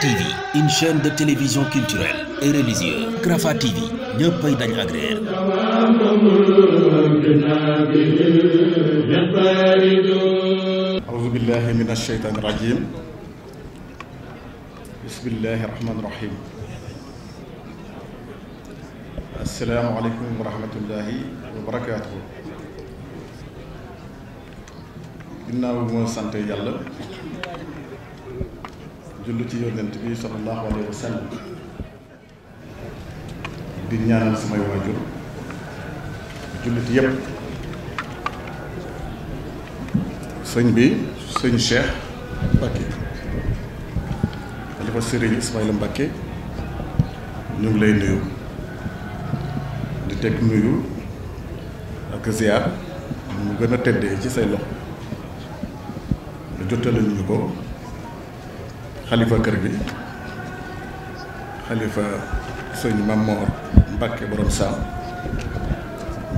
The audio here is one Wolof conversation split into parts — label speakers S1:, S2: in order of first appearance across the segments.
S1: TV une chaîne de télévision culturelle et religieuse Rafah TV ñëppay dañ agréer aouzu billahi minash shaytaani rajim bismillahi rahmaani rahim assalaamu aleykum wa rahmatullahi wa barakaatuhu ginnaaw moo sant yàlla jullu ci yonent bi sallallahu alayhi wa sallam di ñaanal samay waajur jullit yépp sëñ bi sëñ Cheikh Mbacké xalifa sëriñ Ismaïla Mbacké ñu ngi lay nuyu di teg nuyu ak ziar mu gën a teddee ci say loxo lu jottali ko xalifa kër bi xalifa sëñ Mamor Mbakke borom saam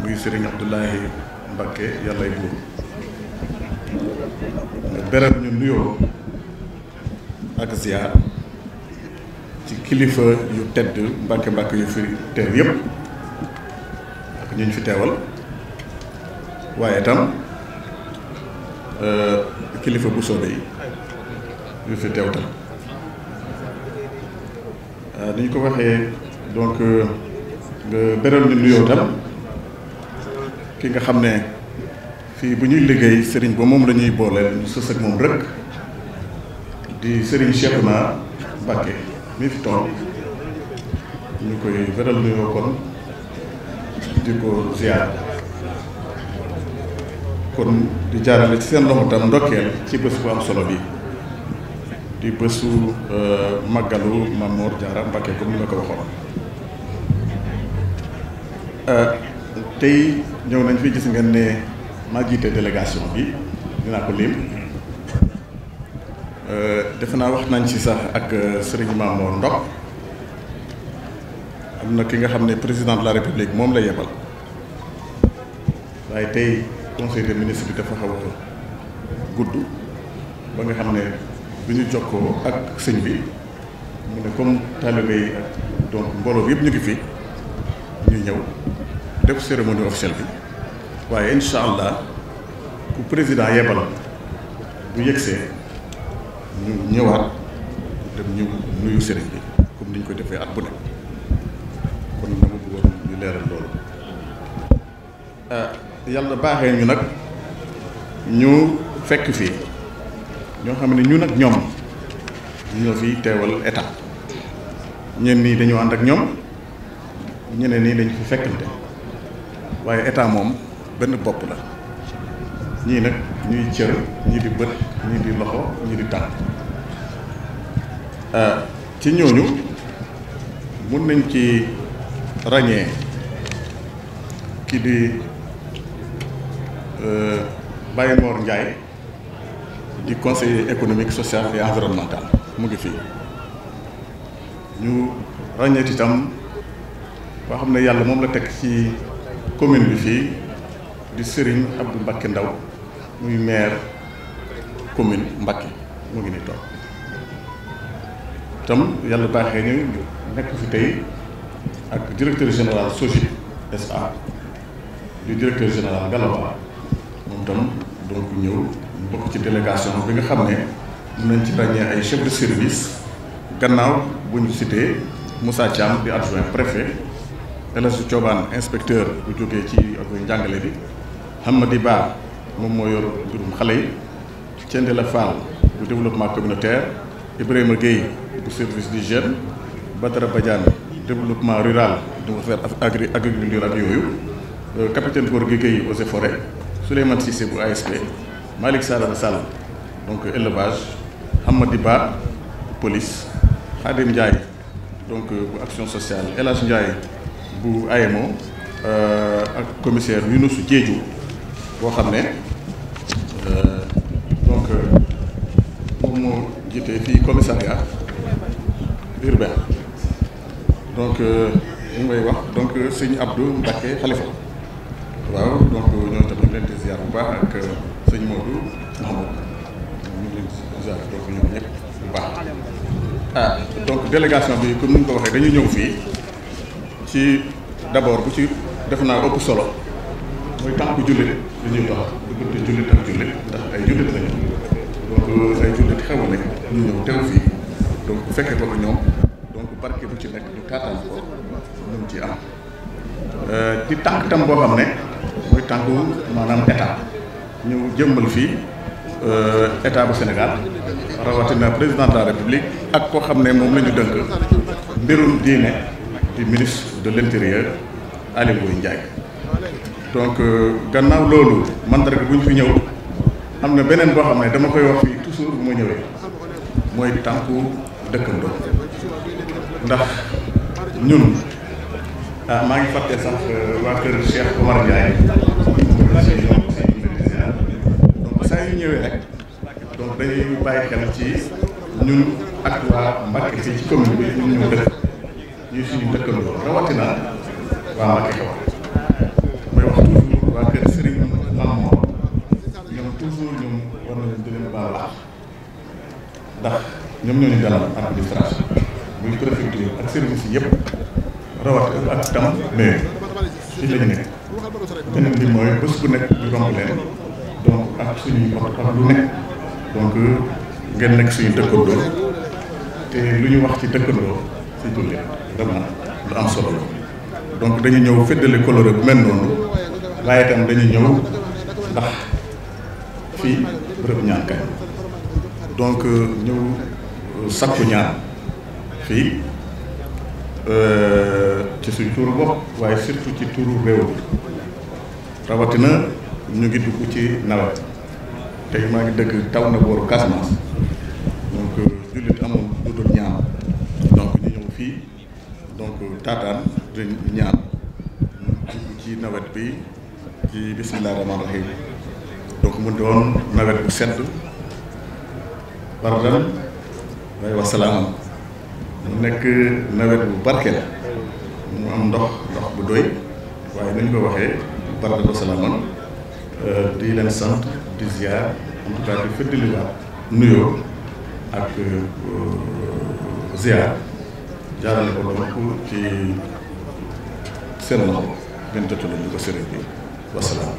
S1: muy sëriñ Abdoulahi Mbakke yàllay buur beral ñu nuyoo ak ziar ci kilifa yu tedd Mbakke Mbakke yu fi teew yépp ak ñu ñu fi teewal waaye tam euh, kilifa bu soobee yi yu fi teew tam euh, ni ñu ko waxee donc euh, nga beral ni nuyoo tam ki nga xam ne fii bu ñuy liggéey sëriñ ba moom la ñuy booleel ñu sës ak moom rek di sëriñ Cheikhouna Mbacké mi fi toog ñu koy beral nuyoo kon di ko ziar kon di jaarale ci seen loxo tam ndokkeel ci bés bu am solo bi di bésu euh, màggalu Mamour Diarra Mbacké comme ni nga ko waxoon euh, tey ñëw nañ fi gis ngeen ne maa jiite bi dinaa ko lim euh, defe naa wax nañ si sax ak Serigne Mamour Ndok am na ki nga xam ne président de la république moom la yebal waaye tey conseil des ministres bi dafa xaw a gudd ba nga xam ne. bi ñu jokkoo ak sëñ bi mu ne comme taalibe yi ak donc mbooloo bi yëpp ñu ngi fi ñu ñëw def cérémonie officielle bi waaye incha allah ku président yebal bu yegsee ñu ñëwaat dem ñu nuyu sëriñ bi comme ni ñu ko defee at bu nekk kon dama bëggoon ñu leeral loolu ah, yàlla baaxee ñu nag ñu fekk fii. ñoo xam ne ñun ak ñoom ñoo fi teewal état ñenn nii dañoo ànd ak ñoom ñeneen nii dañ fi fekkante waaye état moom benn bopp la ñii nag ñuy cër ñii di bët ñii di loxo ñii di tànk euh, ci ñooñu mun nañ ci ràññee ki di euh, Baye Mor Ndiaye di conseiller économique social et environnemental mu ngi fii ñu ràññeet itam boo xam ne yàlla moom la tekk ci commune bi fii di Serigne Abdou Mbacké Ndaw muy maire commune Mbacké mu ngi ni toog itam yàlla baaxee ñu nekk fi tey ak directeur général SOGIP SA di directeur général Galaba moom tam donc ñëw bokk ci délégation bi nga xam ne mun nañ ci ràññee ay chef de service gannaaw bu ñu cité Moussa Thiam di adjoint préfet El coobaan Thioban inspecteur bu jógee ci ak njàngale bi Hamadi Ba moom moo yor mbirum xale yi Thiendella Fall bu développement communautaire Ibrahima Gueye bu service du jeune Badara Badiane développement rural di affaire agri agriculture ak yooyu euh, capitaine Gorgui Gueye eaux et forêts Souleymane Cissé bu ASP Malick Sarr Sall donc élevage Hamadi Ba police Khadim Ndiaye donc euh, bu action sociale El Hadj bu AMO euh, ak commissaire Younoussou Diédhiou boo xam ne euh, donc moom moo jiite fii commissariat urbain donc ñu ngay wax donc sëñ Abdou Mbacké Khalifa waaw donc ñoo ngi leen bu baax ak euh, sëñ Modou Mamadou ah, ñu ngi leen di ziar ah, délégation bi comme ni ko waxee dañu ñëw fii ci d'abord bu ci def naa ëpp solo mooy tànku jullit li ñuy wax diggante jullit ak jullit ndax ay jullit lañu donc euh, ay jullit xew nañ ñu ñëw teew fii donc bu fekkee ko ñoom donc barke bu ci nekk ñu kaataan ko ñu ci am euh, di tànk tam boo xam ne. muy tànku maanaam état ñu jëmbal fii euh, état bu Sénégal rawatina président de la république ak koo xam ne moom la ñu dënk mbirum diine di ministre de l' intérieur Aly Ngouille Ndiaye donc euh, gannaaw loolu mandarga bu ñu fi ñëw am na beneen boo xam ne dama koy wax fii toujours bu ma ñëwee mooy tànku dëkkandoo ndax ñun. ah maa ngi fàtte sax euh, waa kër Cheikh Omar Ndiaye donc saa yu ñëwee rek donc dañuy bàyyi xel ci ñun ak waa Mbacke ci commune bi ñun ñu dëkk ñu suñu dëkkandoo rawatina waa Mbacke Kawar mooy wax toujours waa kër Serigne Mame Mor ñoom toujours ñoom war na leen dëleen baax ndax ñoom ñoo ñu dalal administration muy préfecture ak service yi yëpp rawatina ak tam ci ak suñuy wax suñu dëkkandoo lu ñu wax ci dëkkandoo si julli lu am solo la donc dañu ñëw féddali coloré bu mel noonu waaye itam dañu ñëw ndax fii bërëb ñaan donc ñëw euh, sakku ñaan fii Euh, ci suñ tuuru bopp waaye surtout ci tuuru réew mi rawatina ñu ngi dugg ci nawet tey maa ngi dëgg taw na booru Casamance donc euh, jullit amul lu dul ñaan donc ñu ñëw fii donc taataan dinañ ñaan ñu dugg ci nawet bi ci bismillah rahmaan rahim donc mu doon nawet bu sedd bardan waaye wasalaaman nekk nawet bu barke la mu am ndox ndox bu doy waaye nañ ko waxee barke ko euh, di leen sant di ziar en tout cas di fëddaliwaat nuyoo ak euh, ziar jaarale ko donc ci seen loxo benn jotu la ko sëriñ bi wasalaam